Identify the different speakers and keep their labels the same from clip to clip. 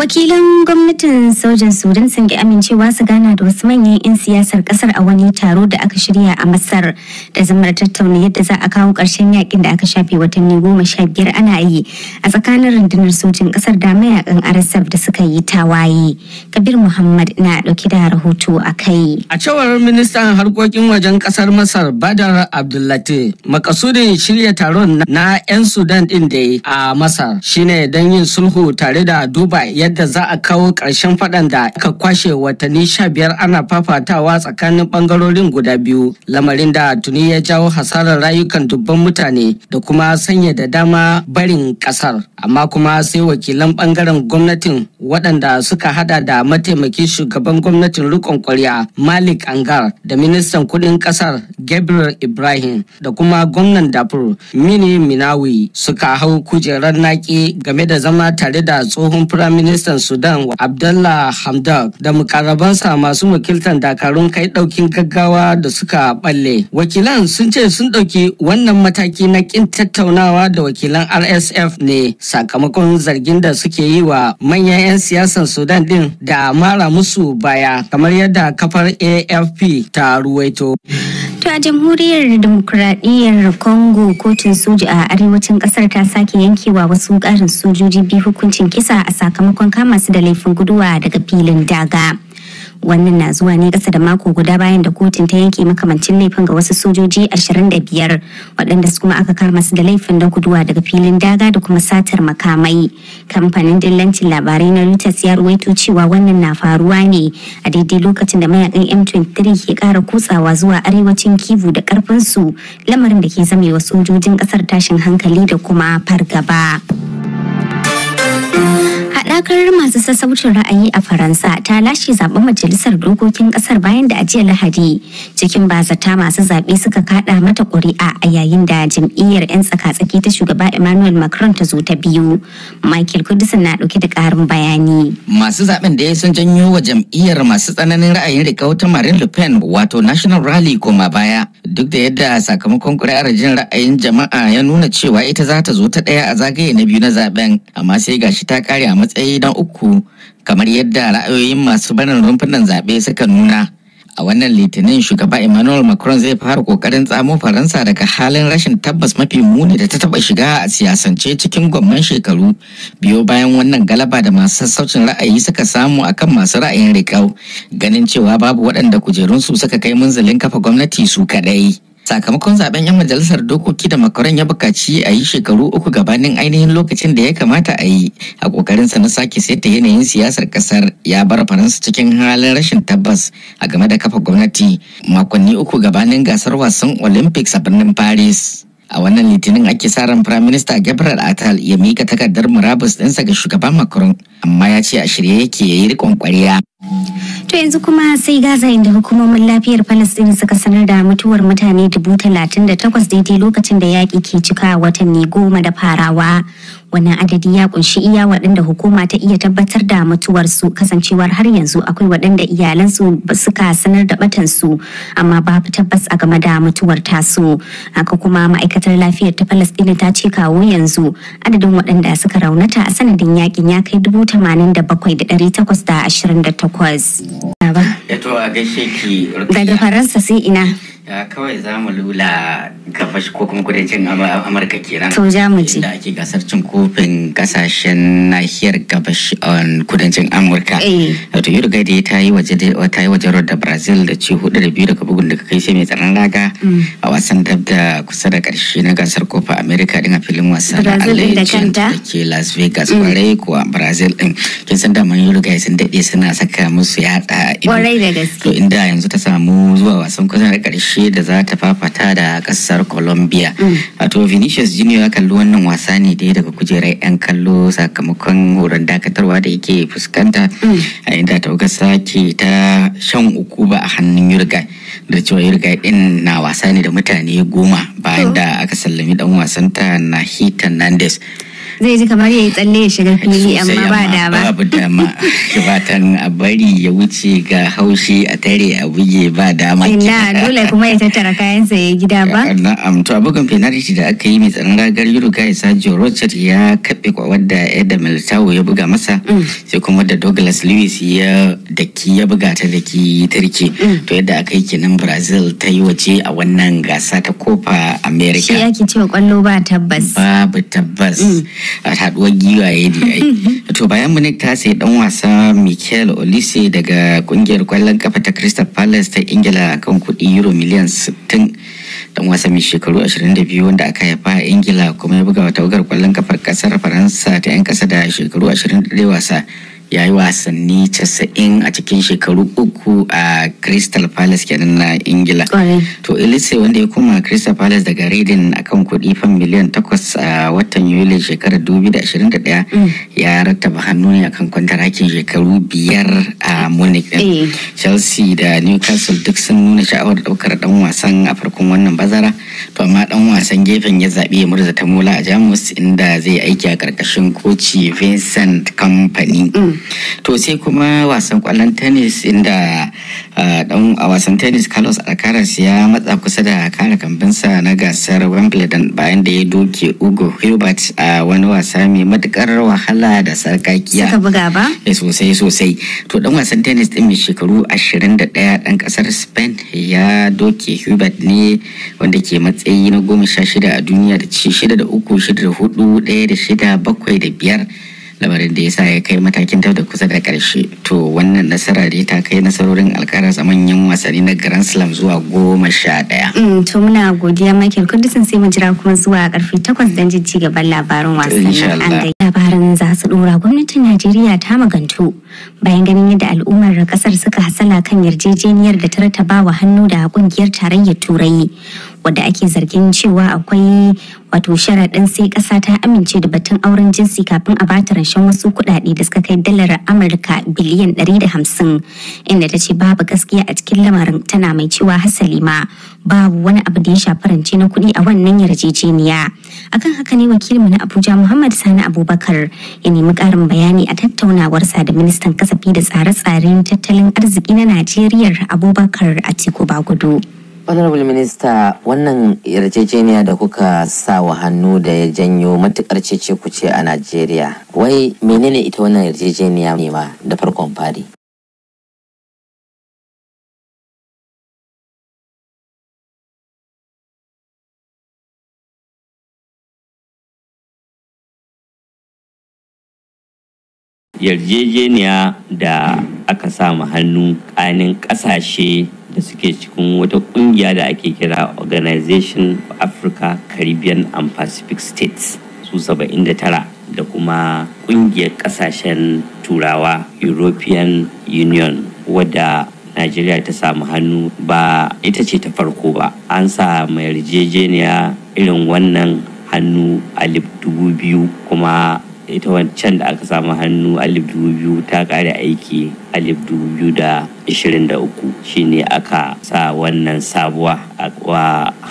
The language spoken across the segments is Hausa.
Speaker 1: Wakilan gwamnatin sojan Sudan sun ki amincewa su gana da wasu manyan 'yan siyasar kasar a wani taro da aka shirya a Masar da zamar tattauna yadda za a kawo ƙarshen yakin da aka shafe watanni goma sha biyar ana yi a tsakanin rundunar sojin kasar da mayakan RSF da suka yi tawaye. Kabir Muhammad na dauki da rahoto a kai.
Speaker 2: A cewar ministan harkokin wajen kasar Masar Badar Abdullati makasudin shirya taron na 'yan Sudan din da a Masar shine don yin sulhu tare da dubai yadda yadda za a kawo ƙarshen faɗan da aka kwashe watanni sha biyar ana fafatawa tsakanin ɓangarorin guda biyu lamarin da tuni ya jawo hasarar rayukan dubban mutane da kuma sanya da dama barin ƙasar amma kuma sai wakilan ɓangaren gwamnatin waɗanda suka hada da mataimakin shugaban gwamnatin rikon kwarya malik angar da ministan kuɗin ƙasar gabriel ibrahim da kuma gwamnan dafur mini minawi suka hau kujerar naki game da zama tare da tsohon firaminista ministan Sudan Abdullah Hamdok da mukarabansa masu wakiltan dakarun kai ɗaukin gaggawa da suka balle. Wakilan sun ce sun ɗauki wannan mataki na kin tattaunawa da wakilan RSF ne sakamakon zargin da suke yi wa manyan 'yan siyasan Sudan din da mara musu baya kamar yadda kafar AFP ta ruwaito. To a jamhuriyar demokuraɗiyyar Congo
Speaker 1: kotun soja a arewacin ƙasar ta sake yankewa wasu ƙarin sojoji biyu hukuncin kisa a sakamakon kama su da laifin guduwa daga filin daga. wannan na zuwa ne kasa da mako guda bayan da kotun ta yanke makamancin laifin ga wasu sojoji 25 waɗanda su kuma aka kama su da laifin da kuduwa daga filin daga da kuma satar makamai kamfanin dillancin labarai na reuters ya ruwaito cewa wannan na faruwa ne a daidai lokacin da mayakan m23 ke ƙara kutsawa zuwa arewacin kivu da karfin su lamarin da ke zamewa sojojin kasar tashin hankali da kuma fargaba. takarar masu sassaucin ra'ayi a Faransa ta lashe zaben majalisar dokokin kasar bayan da ajiyar Lahadi cikin bazata masu zaɓe suka kaɗa mata ƙuri'a a yayin da jam'iyyar 'yan tsaka-tsaki ta shugaba Emmanuel Macron ta zo ta biyu. Michael Kudisin na ɗauke da ƙarin bayani. Masu zaben da ya sun janyo wa jam'iyyar masu tsananin ra'ayin rikau ta Marine Le
Speaker 3: Pen wato National Rally koma baya duk da yadda sakamakon kuri'ar jin ra'ayin jama'a ya nuna cewa ita za ta zo ta ɗaya a zagaye na biyu na zaɓen amma sai gashi ta kare a matsayin zaɓe don uku kamar yadda ra'ayoyin masu barin rumfunan zaɓe suka nuna. A wannan litinin shugaba Emmanuel Macron zai fara kokarin tsamo Faransa daga halin rashin tabbas mafi muni da ta taɓa shiga a siyasance cikin gwamman shekaru biyo bayan wannan galaba da masu sassaucin ra'ayi suka samu akan masu ra'ayin rikau. ganin cewa babu waɗanda kujerunsu suka kai munzalin kafa gwamnati su kaɗai. sakamakon zaben yan majalisar dokoki da makaron ya bukaci a yi shekaru uku gabanin ainihin lokacin da ya kamata a yi a kokarinsa na sake saita yanayin siyasar kasar ya bar faransa cikin halin rashin tabbas a game da kafa gwamnati makonni uku gabanin gasar wasan olympics a birnin paris a wannan litinin ake sa ran prime minister gabriel atal ya mika takardar murabus ɗinsa ga shugaban macron amma ya ce a shirye yake ya yi riƙon
Speaker 1: ƙwarya To yanzu kuma sai Gaza inda hukumomin lafiyar Falasɗin suka sanar da mutuwar mutane dubu talatin da takwas daidai lokacin da yaƙi ke cika watanni goma da farawa. wannan adadi ya kunshi iya waɗanda hukuma ta iya tabbatar da mutuwarsu kasancewar har yanzu akwai waɗanda iyalansu suka sanar da batansu amma babu tabbas a game da mutuwar tasu haka kuma ma'aikatar lafiyar ta falastina ta ce kawo yanzu adadin waɗanda suka raunata a sanadin yakin ya kai dubu tamanin da bakwai da ɗari takwas da ashirin da takwas. Eh, Daga Faransa sai ina.
Speaker 3: ya kawai za mu lula gabash ko kuma kudancin amurka kenan to za mu ji da ake gasar cin kofin kasashen nahiyar gabash um, kudancin amurka eh. wato da ya tayi waje ta yi waje da brazil da ci hudu da biyu daga bugun daga kai sai mai tsaron raga mm. a wasan dab da kusa da karshe na gasar kofa america din a filin wasa na allegiant da ke las vegas mm. kwarai kuwa brazil din kin san da man rugai sun daɗe suna saka musu yaɗa kwarai da gaske to inda yanzu ta samu zuwa wasan kusa da karshe ƙarshe da za ta fafata da ƙasar colombia to vinicius junior ya kalli wannan wasa ne dai daga kujerar 'yan kallo sakamakon horon dakatarwa da yake fuskanta a inda taugarsa ke ta shan uku ba a hannun yurga da cewa yurga din na wasa ne da mutane goma bayan da aka sallami dan wasanta na hitan nandes
Speaker 1: zai ji kamar ya yi tsalle ya shiga fili amma ba da
Speaker 3: ba babu dama gabatan a bari ya wuce ga haushi a tare a buge ba dama ina dole kuma
Speaker 1: ya tattara kayansa ya gida ba
Speaker 3: na'am to bugun penalty da aka yi mai tsaron ragar Uruguay Sergio Rochard ya kaɓe kwa wadda Eda Militao ya buga masa mm. sai kuma da Douglas Lewis ya daki ya buga ta daki tarki. Mm. to yadda aka yi kenan Brazil ta yi waje a wannan gasa ta kofa America
Speaker 1: shi ya ke cewa kwallo
Speaker 3: ba tabbas babu tabbas mm. haduwar giwaye da yayi to bayan munich ta sai dan wasa michael olise daga kungiyar kwallon kafa ta crystal palace ta ingila kan kudi euro miliyan 60 dan wasa mai shekaru 22 wanda aka haifa a ingila kuma ya buga wa tawagar kwallon kafar kasar faransa ta yan kasa da shekaru 21 wasa ya yi wasanni casa'in a cikin shekaru uku a crystal palace kenan na ingila to elise wanda ya koma crystal palace daga reading akan kuɗi fan miliyan takwas a watan yuli shekarar 2021 mm. ya rattaba hannu ne kwantar hakin shekaru biyar a munich din eh. chelsea da newcastle duk sun nuna sha'awar ɗaukar ɗan wasan a farkon wannan bazara to amma ɗan wasan gefen ya zaɓi ya murza ta mula a jamus inda zai aiki a ƙarƙashin koci vincent company mm. to sai kuma wasan kwallon tennis inda dan a wasan tennis carlos alcaraz ya matsa kusa da kare kambinsa na gasar wimbledon bayan da ya doke ugo hubert a wani wasa mai matukar wahala da sarkakiya suka buga ba eh sosai sosai to dan wasan tennis din mai shekaru 21 dan kasar spain ya doke hubert ne wanda ke matsayi na goma sha shida a duniya da ci da uku shida da hudu daya da shida bakwai da biyar lamarin da ya sa ya kai matakin ta da kusa da ƙarshe to wannan nasara da ta kai nasarorin alkarar manyan wasanni na grand slam zuwa goma sha daya.
Speaker 1: Mm, to muna godiya michael kudusin sai mu jira kuma zuwa ƙarfi takwas don jin gaban labarin wasanni an gai labarin za su ɗora gwamnatin najeriya ta magantu bayan ganin yadda al'ummar kasar suka hasala kan yarjejeniyar da ta rataba wa hannu da ƙungiyar tarayyar turai wadda ake zargin cewa akwai wato sharaɗin sai ƙasa ta amince da batun auren jinsi kafin a bata rashin wasu kuɗaɗe da suka kai dalar amurka biliyan ɗari da hamsin inda ta ce babu gaskiya a cikin lamarin tana mai cewa hasali ma babu wani abu da ya shafi rance na kuɗi a wannan yarjejeniya akan haka ne wakilinmu na abuja muhammad sani abubakar ya nemi ƙarin bayani a tattaunawar sa da ministan kasafi da tsare-tsaren tattalin arziki na najeriya abubakar atiku bagudu.
Speaker 3: honorable minister wannan yarjejeniya da kuka sa wa hannu da ya janyo matukar cece kuce a najeriya wai menene ita wannan
Speaker 1: yarjejeniya ne ma da farkon fari
Speaker 4: yarjejeniya da aka samu hannu kanin kasashe da suke cikin wata kungiya da ake kira organization of africa caribbean and pacific states su 79 da kuma kungiyar kasashen turawa european union wadda najeriya ta samu hannu ba ita ce ta farko ba an sa mai yarjejeniya irin wannan hannu a dubu biyu kuma ita wancan da aka samu hannu alif dubu biyu ta kare aiki alif dubu biyu da ishirin da uku shine aka sa wannan sabuwa a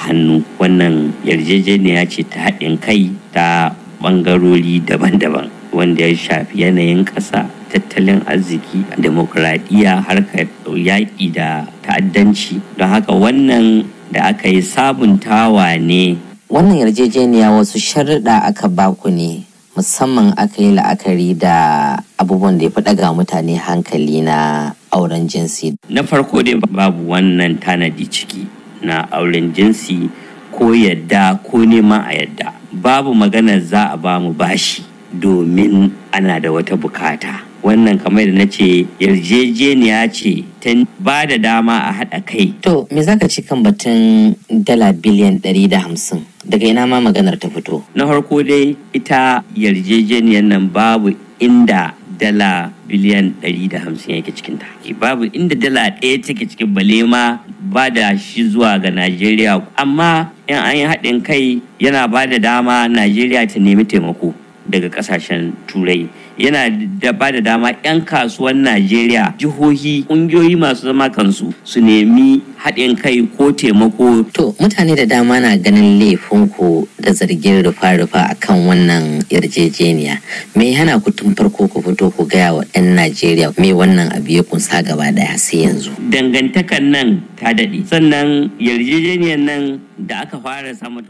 Speaker 4: hannu wannan yarjejeniya ce ta haɗin kai ta bangarori daban-daban wanda ya shafi yanayin ƙasa tattalin arziki demokuraɗiyya harkar yaƙi da ta'addanci don haka wannan da aka yi sabuntawa ne wannan yarjejeniya
Speaker 3: wasu sharuɗa aka baku ne musamman aka yi la'akari da abubuwan da ya fi ɗaga mutane hankali na auren jinsi.
Speaker 4: Na farko dai babu wannan tanadi ciki na auren jinsi ko yadda ko nema a yadda. Babu magana za a ba mu bashi domin ana da wata bukata. Wannan kamar da na ce yarjejeniya ce ta ba da dama a haɗa kai.
Speaker 3: To, me za ka ci kan batun dala biliyan ɗari da hamsin? daga ina ma maganar ta
Speaker 4: fito na farko dai ita yarjejeniyar nan babu inda dala biliyan 150 yake ta. babu inda dala ɗaya take cikin balema ba da shi zuwa ga najeriya amma in an yi haɗin kai yana ba da dama najeriya ta nemi taimako daga ƙasashen turai yana da ba da dama 'yan kasuwan najeriya jihohi ƙungiyoyi masu zama kansu su nemi haɗin kai ko taimako to
Speaker 3: mutane da dama na ganin laifinku da zargin rufa-rufa akan wannan yarjejeniya me hana ku tun farko ku fito ku gaya wa 'yan najeriya me wannan abu ya kunsa gaba daya sai yanzu
Speaker 4: dangantakan nan ta daɗe sannan yarjejeniyar nan da aka fara samu